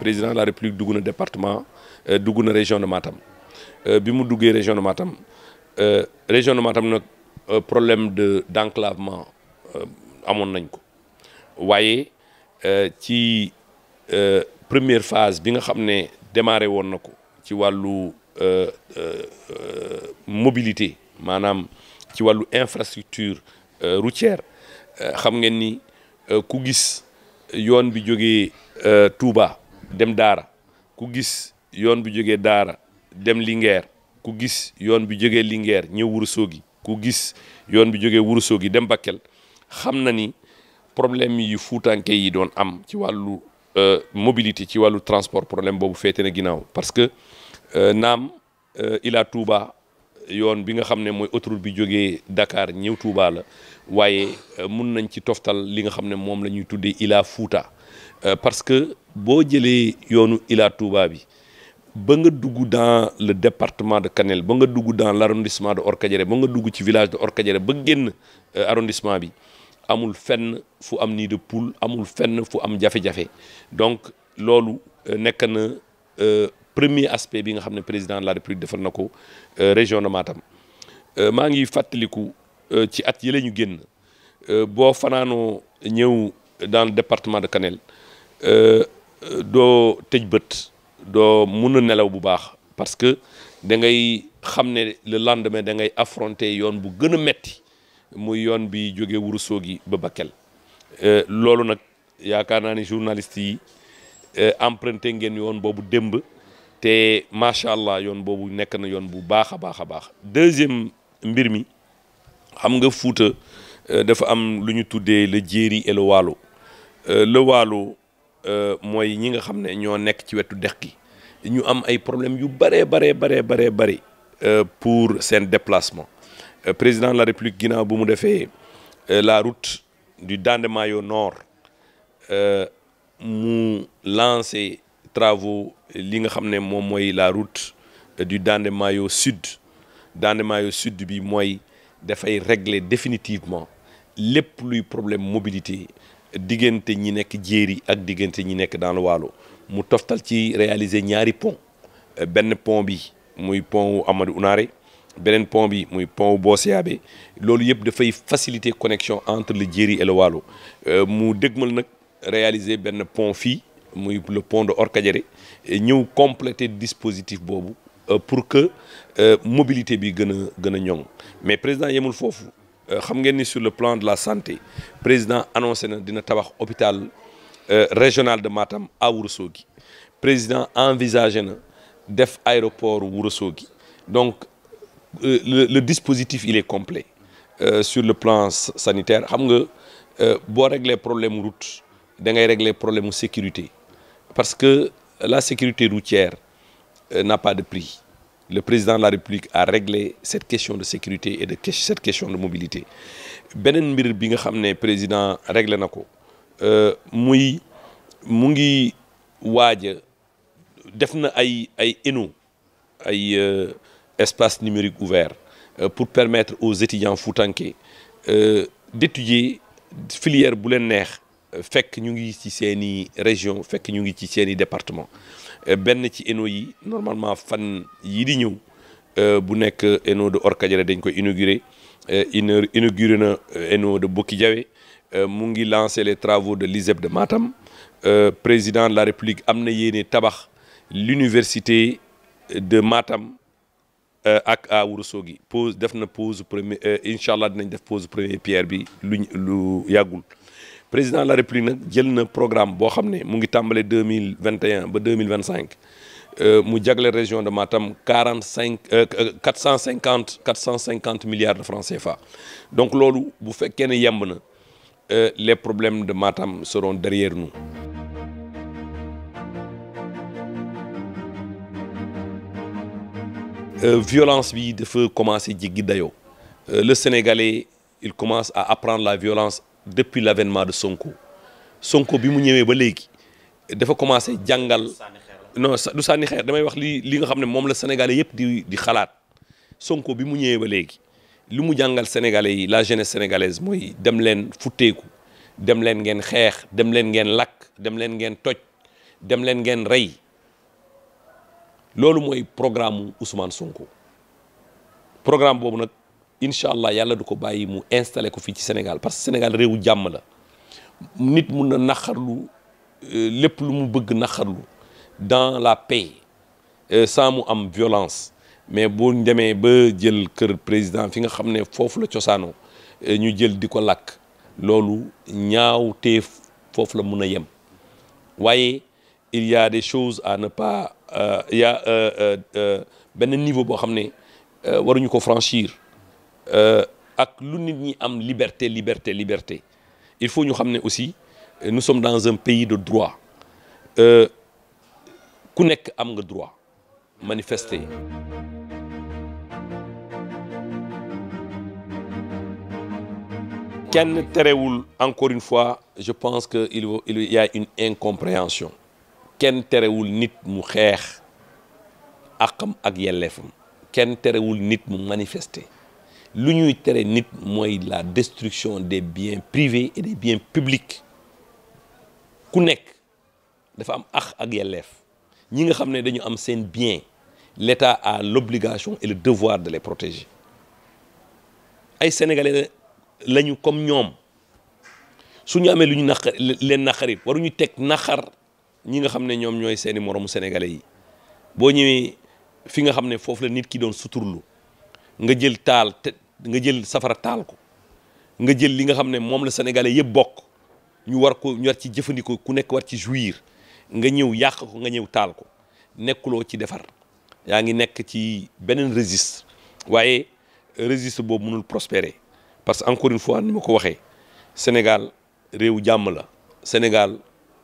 président de la république dugg na département euh, dugg na région de Matam euh, bi mu duggee région de Matam euh, région de Matam nag problème de d'enclavement amoon nañ ko waaye ci première phase bi nga xam ne démarré woon na ko ci wàllu mobilité maanaam ci wàllu infrastructure routière xam ngeen ni ku gis yoon bi jógee Touba dem Daara ku gis yoon bi jógee Daara dem Linguère ku gis yoon bi jógee Linguère ñëw Ourossogui ku gis yoon bi jógee Ourossogui dem Bakel xam na ni problème yi fuutanke yi doon am ci wàllu euh, mobilité ci wàllu transport problème boobu féete na ginnaaw parce que euh, naam euh, Ila Touba yoon bi nga xam ne mooy autoroute bi jógee Dakar ñëw tuubaa la waaye mun nañ ci toftal li nga xam ne moom la ñuy tuddee Ila Fouta boo jëlee yoonu Ila Touba bi ba nga dugg dans le département de Kanel ba nga dugg dans l' arrondissement or Orkadiéré ba nga dugg ci village de Orkadiéré ba génn euh, arrondissement bi amul fenn fu am nid de poule amul fenn fu am jafe-jafe donc loolu euh, nekk na euh, premier aspect bi nga xam ne président de la république defar na ko région de maatam maa ngi fàttaliku ci at yële ñu génn boo fanaanoo ñëw dans le département de Kanel. doo tëjbët bët doo mun a nelaw bu baax parce que da ngay xam ne le lendemain da ngay affronter yoon bu gën a metti muy yoon bi jóge wuru Ourossogui ba Bakel euh, loolu nag yaakaar naa ni journaliste yi euh, emprunté ngeen yoon boobu démb te macha allah yoon boobu nekk na yoon bu baax a baax a baax deuxième mbir mi xam nga Fuuta euh, dafa am lu ñu tuddee la jéeri et le waalo le waalo Euh, mooy ñi nga xam ne ñoo nekk ci wetu dex gi ñu am ay problème yu bëree baree baree baree bëri euh, pour seen déplacement euh, président la république ginnaaw bu mu defee la route du Dandemayo nord mu lancé travaux li nga xam ne moom mooy la route du Dandemayo sud Dandemayo sud bi mooy dafay régler définitivement lépp luy problème mobilité diggante ñi nekk jéeri ak diggante ñi nekk dans le Waalo mu toftal ci réaliser ñaari pont euh, benn pont bi muy pont Amadou Ounaré beneen pont bi muy pont Bossiyabé loolu yëpp dafay faciliter connexion entre le jéeri et le Waalo euh, mu dëgmal nag réaliser benn pont fii muy le pont de Orkadiéré ñëw compléter dispositif boobu euh, pour que mobilité bi gën a gën a ñoŋ mais président yemul foofu Euh, xam ngeen ni sur le plan de la santé président annoncé na dina tabax hôpital euh, régional de Matam à Ourossogui président envisagé na def aéroport Ourossogui donc euh, le dispositif il est complet sur le plan sanitaire xam nga boo réglee problème route da ngay régler problème sécurité parce que la sécurité routière n'a pas de prix le président de la République a réglé cette question de sécurité et de cette question de mobilité beneen mbir bi nga xam ne président réglé na ko euh, muy mu ngi waaja def na ay ay ENO ay euh, espace numérique ouvert euh, pour permettre aux étudiants foutanké d'étudier filière bu leen neex fekk ñu ngi ci seeni région fekk ñu ngi ci seeni département Euh, benn ci eno yi normalement fan yii di ñëw euh, bu nekk eno euh, de Orkadiéré dañ koy inauguré ina inauguré na eno de Bokki Diawé mu ngi lancé les travaux de l'ISEP de Matam président de la République am na yéene tabax l'université de Matam ak à Ourossogui pose def na pose premier incha allah dinañ def pose première pierre bi luñ lu yàggul président de la république nag jël na programme boo xam ne mu ngi tàmbale deux mille vingt et ba deux mille vingt euh, mu jagle région de maatam quarante cinq euh, quatre cent cinquante quatre cent cinquante milliards de francs CFA donc loolu bu fekkee ne yemb na euh, les problèmes de Matam seront derrière nous. violence bi dafa commencer jéggi dayoo le sénégalais il commence à apprendre la violence. depuis l'avènement de Sonko Sonko bi mu ñëwee ba léegi dafa commencé jàngal non du sànni xeer damay wax lii li nga xam ne moom la sénégalais yëpp di di xalaat Sonko bi mu ñëwee ba léegi li mu jàngal sénégalais yi la jeunesse sénégalaise mooy dem leen futteeku dem leen ngeen xeex dem leen ngeen lakk dem leen ngeen toj dem leen ngeen rey loolu mooy programme Ousmane Sonko programme boobu nag incha allah yàlla du ko bàyyi mu installé ko fii ci Sénégal parce que Sénégal réewu jàmm la nit mun na naxarlu euh, lépp lu mu bëgg naxarlu dans la paix euh, sans mu am violence mais boo demee ba jël kër président fi nga xam ne foofu la cosaano euh, ñu jël di ko lakk loolu ñaaw teef foofu la mun a yem waaye il y a des choses à ne pas il benn niveau boo xam ne waruñu ko franchir Euh, ak lu nit ñi am liberté liberté liberté il faut ñu xam ne aussi euh, nous sommes dans un pays de droit euh, ku nekk am nga droit manifester. kenn terewul encore une fois je pense que il y a une incompréhension kenn terewul nit mu xeex àqam ak yelleefam kenn terewul nit mu manifester. lu ñuy tere nit mooy la destriction des biens privés et des biens publics ku nekk dafa am ax ak yelleef ñi nga xam ne dañu am seen bien l'État a l'obligation et le devoir de les protéger ay sénégalais lañu comme ñoom suñu amee lu ñu naqar leen naqarit waruñu teg naqar ñi nga xam ne ñoom ñooy seeni moromu sénégalais yi boo ñëwee fi nga xam ne foofu la nit ki doon suturlu nga jël taal te nga jël safara taal ko nga jël li nga xam ne moom la sénégalais yëpp bokk ñu war ko ñu war ci jëfandikoo ku nekk war ci jouir nga ñëw yàq ko nga ñëw taal ko nekkuloo ci defar yaa ngi nekk ci beneen registre waaye registre boobu mënul prospérer parce que encore une fois ni ma ko waxee Sénégal réew jàmm la Sénégal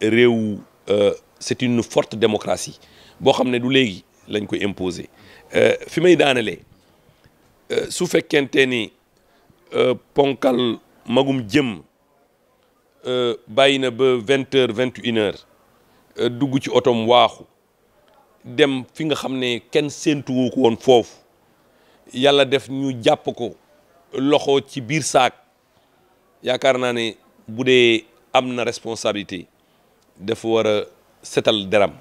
réew euh, c'est une forte démocratie boo xam ne du léegi lañ koy imposer euh, fi may daanalee Euh, su fekkente ni euh, ponkal magum jëm euh, bàyyi na ba vingt heures vingt une dugg ci otoom waaxu dem fi nga xam ne kenn séentuwu woon foofu yàlla def ñu jàpp ko loxo ci biir saak yaakaar naa ne bu dee am na responsabilité dafa war setal deram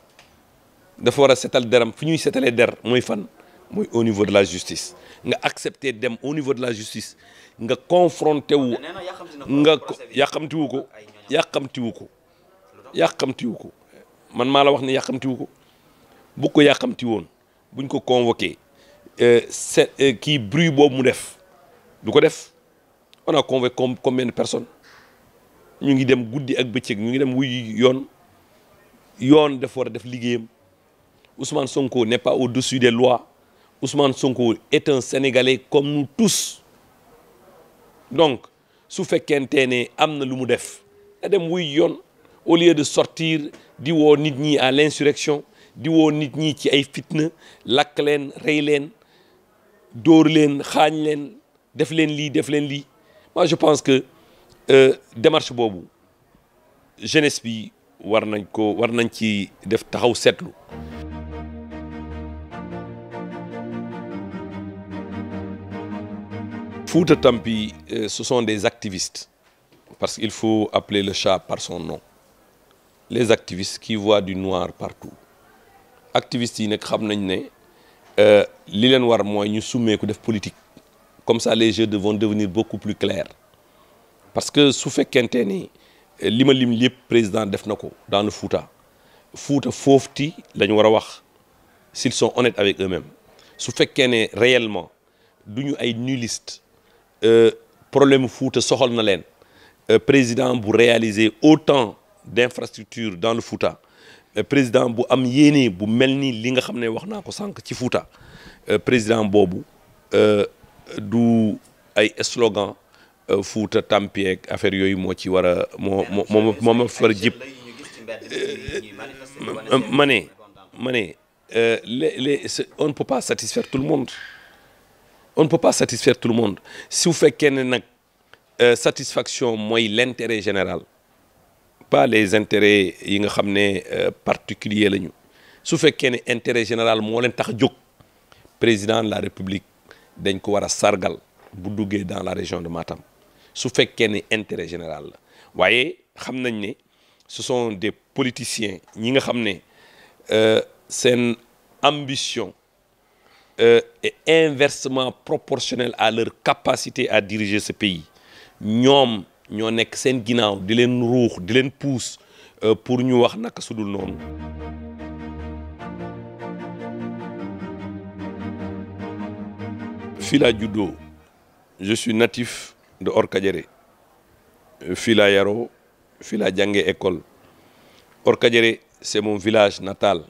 dafa war a setal deram fu ñuy setalee der mooy fan mooy au niveau de la justice nga accepter dem au niveau de la justice nga confronté wu nga yàqamtiwu ko yàqamtiwu ko yàqamtiwu ko man maa la wax ne yàqamtiwu ko bu ko yàqamti woon buñ ko convoqué euh, c'est euh, kii bruit boobu mu def du ko def on a convoqué combien de personnes ñu ngi dem guddi ak bëccëg ñu ngi dem wuy yoon yoon dafa war def liggéeyam Ousmane Sonko n'est pas au-dessus des lois Ousmane Sonko est un Sénégalais comme nous tous donc su fekkente ne am na lu mu def na wuy yoon au lieu de sortir di woo nit ñi à l'insurrection di woo nit ñi ci ay fitna lakk leen rey leen dóor leen xaañ leen def leen lii def leen lii moi je pense que euh, démarche boobu jeunesse bi war nañ ko war nañ ci def taxaw seetlu Fouta Tampi euh, ce sont des activistes parce que il faut appeler le chat par son nom les activistes qui voient du noir partout activistes yi nag xam nañ ne euh, li leen war mooy ñu summeeku def politique comme ça les jeux vont devenir beaucoup plus clairs parce que su fekkente ni euh, li ma lim lépp président def na ko dans le Fouta fuuta foofti la war a wax si sont honnêtes avec eux-mêmes su fekkee ne réellement duñu ay nullistes Euh, problème Fouta soxal na leen euh, président bu réaliser autant d'infrastructures dans le Fouta euh, président bu am yéene bu mel ni li nga xam ne wax naa ko sànq ci Fouta président boobu du ay slogan Fouta tampiyeeg affaire yooyu moo ci war a moo moo moo ma ma ne ma ne les les on ne peut pas satisfaire tout le monde on ne peut pas satisfaire tout le monde su fekkee ne nag euh, satisfaction mooy l'intérêt général pas les intérêts yi nga xam ne euh, particulier lañu su fekkee ne intérêt général moo leen tax jóg président la république dañ ko war a sargal bu duggee dans la région de Matam su fekkee ne intérêt général la waaye xam nañ ne ce sont des politiciens ñi nga xam ne euh, seen ambition est euh, inversement proportionnel à leur capacité à diriger ce pays ñoom ñoo nekk seen ginnaaw di leen ruux di leen pousse euh, pour ñu wax naka sudul dul noonu. fii laa juddoo je suis natif de Orkadiéré fii laa yaroo fii laa jàngee école Orkadiéré c'est mon village natal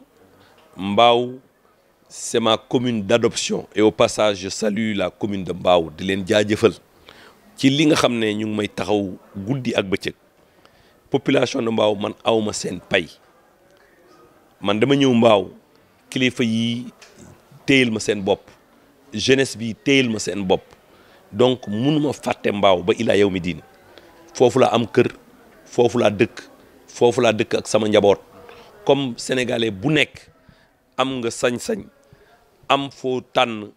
Mbao. c'est ma commune d'adoption et au passage je salue la commune de Mbao di leen jaajëfal ci li nga xam ne ñu ngi may taxaw guddi ak bëccëg population de Mbao man awma seen pay man dama ñëw mbaaw kilifa yi téyel ma seen bopp jeunesse bi téyel ma seen bopp donc munuma fàtte Mbao ba ilaa yow mi diin foofu laa am kër foofu laa dëkk foofu laa dëkk ak sama njaboot comme sénégalais bu nekk am nga sañ-sañ am foo tànn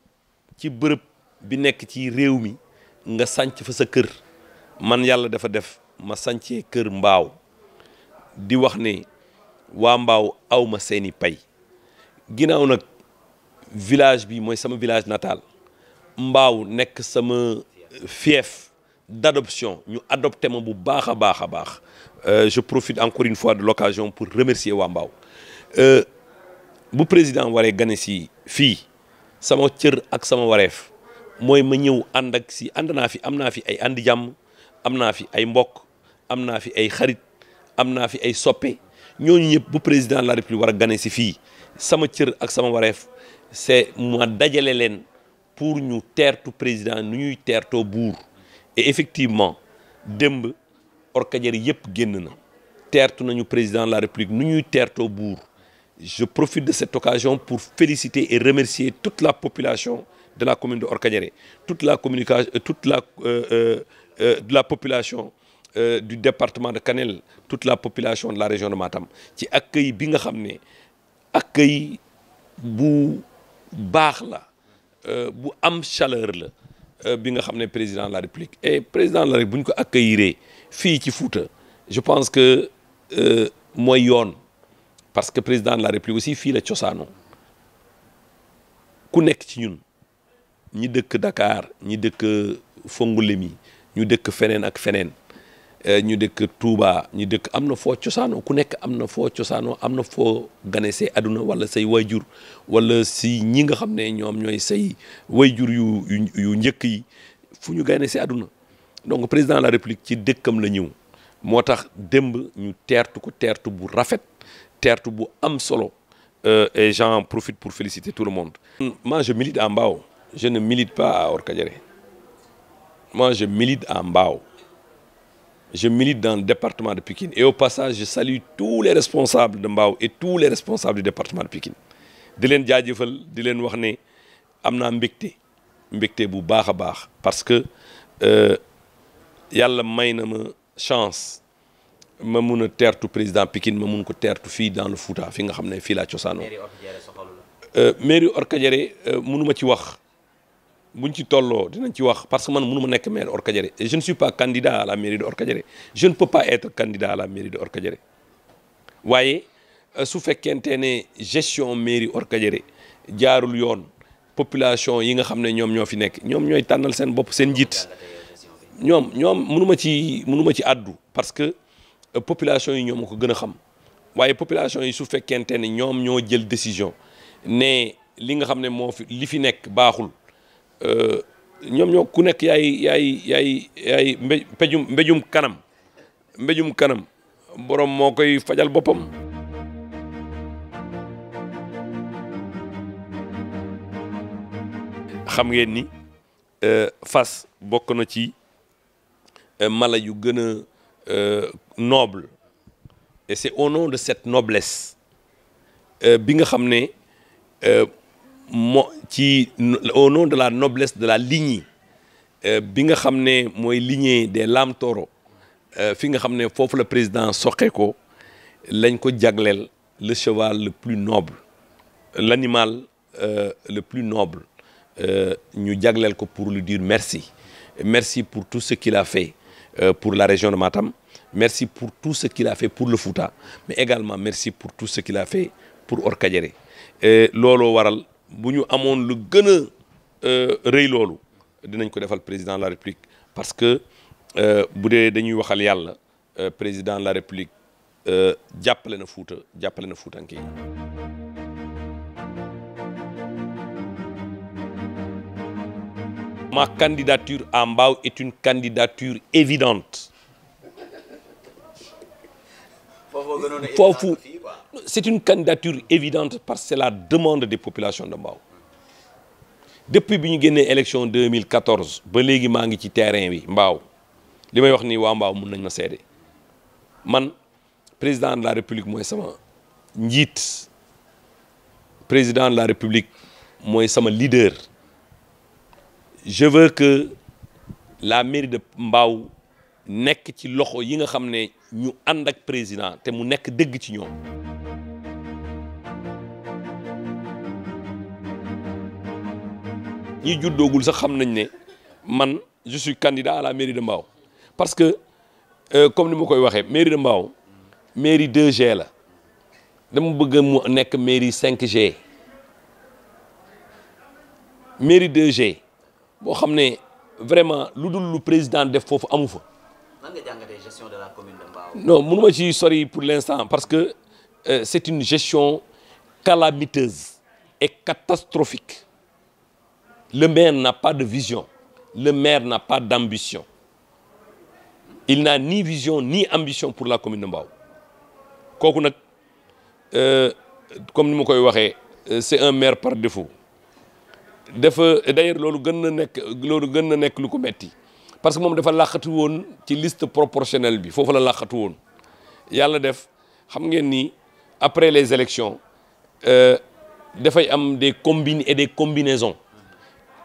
ci bërëb bi nekk ci réew mi nga sànc fa sa kër man yàlla dafa def ma sàncee kër mbaaw di wax ne waa mbaaw awma seeni pay ginnaaw nag village bi mooy sama village nataal mbaaw nekk sama euh, fief d'adoption ñu adopté ma bu baax a baax a baax euh, je profite encore une fois de l'occasion pour remercier waa mbaaw euh, bu président waree gane si fii sama cër ak sama wareef mooy ma ñëw ànd ak si ànd naa fi am naa fi ay ànd jàmm am naa fi ay mbokk am naa fi ay xarit am naa fi ay soppe ñooñu ñëpp bu président la république war a gane si fii sama cër ak sama wareef c'est ma dajale leen pour ñu teertu président nu ñuy teertoo buur et effectivement démb orkajari yëpp génn na teertu nañu président la république nu ñuy teertoo buur Je profite de cette occasion pour féliciter et remercier toute la population de la commune de Orkagnéré, toute la communication, euh, toute la, euh, euh, euh la population euh, du département de Kanel, toute la population de la région de Matam ci accueil bi nga xam ne accueil bu baax la bu am chaleur la bi nga xam ne président de la République et président de la République bu ñu ko accueillir fii ci Fouta je pense que mooy yoon. parce que président de la république aussi fii la cosaanu ku nekk ci ñun ñu dëkk dakaar ñi dëkk Fongolemi ñu dëkk feneen ak feneen eh, ñu dëkk Touba ñu dëkk am na foo cosaanoo ku nekk am na foo cosaanoo am na foo gane say aduna wala say wayjur wala si ñi nga xam ne ñoom ñooy say wayjur yu yu njëkk yi fu ñu gane say aduna donc président de la république ci dëkkam la ñëw moo tax démb ñu teertu ko teertu bu rafet tertu bu am solo euh, et j'en profite pour féliciter tout le monde moi je milite à Mbao je ne milite pas à Orkadiéré moi je milite à Mbao je milite dans le département de Pikine et au passage je salue tous les responsables de Mbao et tous les responsables du département de Pikine di leen jaajëfal di leen wax ne am naa mbégte mbégte bu baax a baax parce que euh, yàlla may na ma chance ma mun a teertu président Pikine ma mun ko teertu fii dans le Fouta fi nga xam ne fii laa cosaanoo mairie Orkadiéré euh, munuma euh, ci wax buñ ci tolloo dinañ ci wax parce que man munuma nekk maire or et je ne suis pas candidat à la mairie de Orkadiéré je ne peux pas être candidat à la mairie de Orkadiéré waaye euh, su fekkente ne gestion mairie Orkadiéré jaarul yoon population yi nga xam ne ñoom ñoo fi nekk ñoom ñooy tànnal seen bopp seen njiit ñoom ñoom munuma ci munuma ci àddu parce que population yi ñoom ko gën a xam waaye population yi su fekkente ne ñoom ñoo jël décision ne li nga xam ne moo fi li fi nekk baaxul euh, ñoom ñoo ku nekk yaay yaay yaay yaay mbéjum kanam mbejum kanam borom moo koy fajal boppam xam ngeen ni euh, fas bokk na ci euh, mala yu gën a Euh, noble et c'est au nom de cette noblesse euh, bi nga xam ne euh, moo ci au nom de la noblesse de la lignée bi nga xam ne mooy lignée des lames fi nga xam ne foofu la président soqe ko lañ ko jagleel le cheval le plus noble l'animal euh, le plus noble ñu jagleel ko pour lu dire merci merci pour tout ce qu'il a fait Euh, pour la région de Matam. Merci pour tout ce qu'il a fait pour le Fouta, mais également merci pour tout ce qu'il a fait pour Orkadiéré. looloo waral bu ñu amoon lu gën a euh, rëy loolu dinañ ko defal président de la République parce que euh, bu dee dañuy waxal yàlla président de la République jàppale na Fouta jàppale na Foutanké yi Ma candidature à Mbao est une candidature évidente. C'est une candidature évidente parce que la demande des populations de Mbao. Depuis que nous avons l'élection 2014, je suis sur le terrain de li may wax je dis, Mbao mun nañ ma Moi, man président de la République, mooy sama njiit président de la République, mooy sama lider je veux que la mairie de Mbao nekk ci loxo yi nga xam ne ñu ànd ak président te mu nekk dëgg ci ñoom ñi juddoogul sax xam nañ ne man je suis candidat à la mairie de Mbao parce que euh, comme ni ma koy waxee mairie de Mbao mairie 2G la dama bëgg mu nekk mairie 5G mairie 2G boo xam ne vraiment lu dul lu président def foofu amu fa. nan nga jàngatee gestion de la commune de Mbao. non mënu ma ci sori pour l'instant parce que euh, c'est une gestion calamiteuse et catastrophique le maire n'a pas de vision le maire n'a pas d'ambition il n'a ni vision ni ambition pour la commune de Mbao kooku nag euh, comme ni ma koy waxee euh, c'est un maire par défaut. dafa d'ailleurs loolu gën na nekk loolu gën na nekk lu ko metti parce que moom dafa làqatu woon ci liste proportionnelle bi foofu la làqatu woon yàlla def xam ngeen nii après les élections euh, dafay am des combines et des combinaisons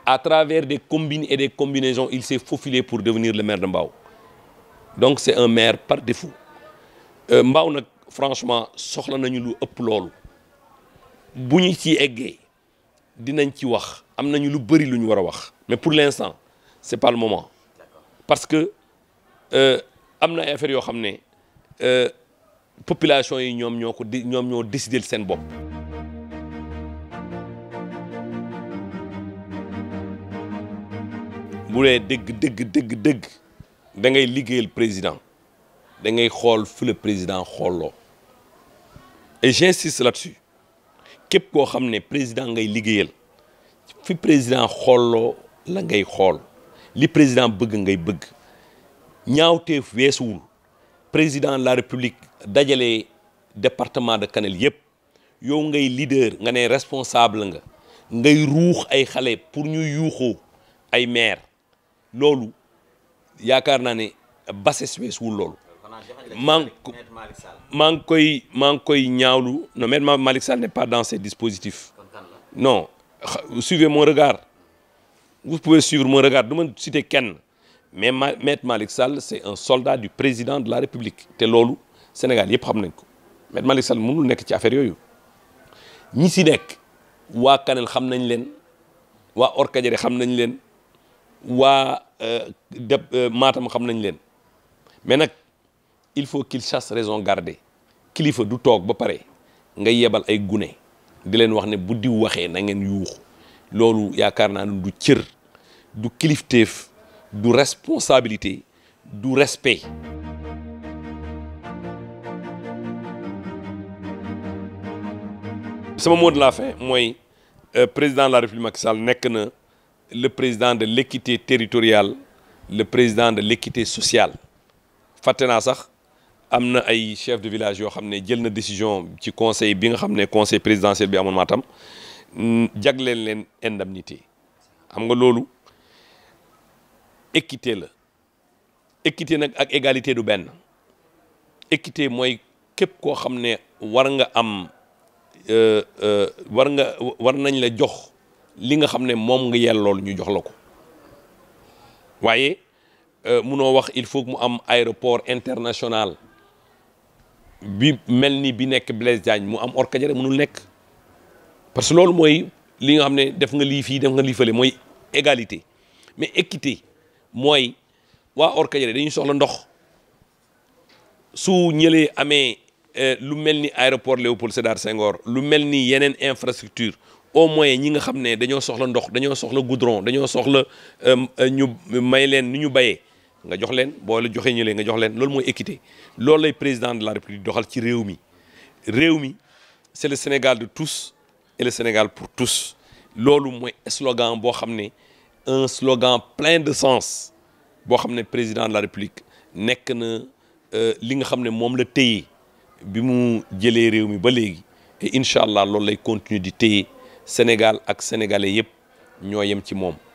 à travers des combines et des combinaisons il s'est faufilé pour devenir le maire de Mbao donc c'est un maire par défaut euh, Mbao nag franchement soxla nañu lu ëpp loolu bu ñu ci eggee dinañ ci wax am nañu lu bëri lu ñu war a wax mais pour l'instant c'est pas le moment parce que euh, am na ay affaires yoo xam ne euh, population yi ñoom ñoo ko di ñoom ñoo décider seen bopp bu dee dëgg dëgg dëgg dëgg da ngay liggéeyal président da ngay xool fi le président xooloo et j'insiste là-dessus képp koo xam ne président ngay liggéeyal fi président xooloo la ngay xool li président bëgg ngay bëgg ñaawteef weesuwul président la république dajale département de Kanel yëpp yow ngay leader nga ne responsable nga ngay ruux ay xale pour ñu yuuxoo ay maire loolu yaakaar naa ne bases weesuwul loolu maa ngi maa ngi koy maa ngi koy ñaawlu non Me Malick Sall n'est pas dans ces dispositifs non suivez mon regard vous pouvez suivre du ma citer kenn mais ma maître Malick Sall c'est un soldat du président de la République te loolu Sénégal yëpp xam nañ ko maître Malick Sall mënul nekk ci affaire yooyu ñi si nekk waa Kanel xam nañ leen waa or Orkadiéré xam nañ leen waa euh, de euh, Matam xam nañ leen mais nag il faut qu'il chasse raison gardée kilifa du toog ba pare nga yebal ay gune di leen wax ne bu diw waxee na ngeen yuuxu loolu yaakaar naa ne du cër du kilifteef du responsabilité du respect sama mot de la fin mooy euh, président la République Macky Sall nekk na le président de l'équité territoriale le président de l'équité sociale fàtte naa sax am na ay chef de village yoo xam ne jël na décision ci conseil bi nga xam ne conseil présidentiel bi amoon Matam mm, jagleel leen indemnité xam nga loolu équité la équité nag ak égalité du benn équité mooy képp koo xam ne war nga am euh, euh, war nga war nañ la jox li nga xam ne moom nga yellool ñu jox la ko waaye euh, munoo wax il faut mu am aéroport international bi mel ni bi nekk Blaise jaañ mu am or kajare mënul nekk parce que loolu mooy li nga xam ne def nga lii fii def nga lii fële mooy égalité mais équité mooy waa or kajare dañuy soxla ndox su ñëlee amee euh, lu mel ni aéroport Léopold Sédar Senghor lu mel ni yeneen infrastructure au moins ñi nga xam ne dañoo soxla ndox dañoo soxla goudron dañoo soxla euh, ñu may leen nu ñu bayee nga jox leen boo la joxee ñëlee nga jox leen loolu mooy équité lool lay président de la république doxal ci réew mi réew mi c'est le Sénégal de tous Sénégal pour tous loolu mooy slogan boo xam ne un slogan plein de sens boo xam ne président de la république nekk na euh, li nga xam ne moom la téye bi mu jëlee réew mi ba léegi et incha allah loolu lay continuer di téye Sénégal ak sénégalais yëpp ñoo yem ci moom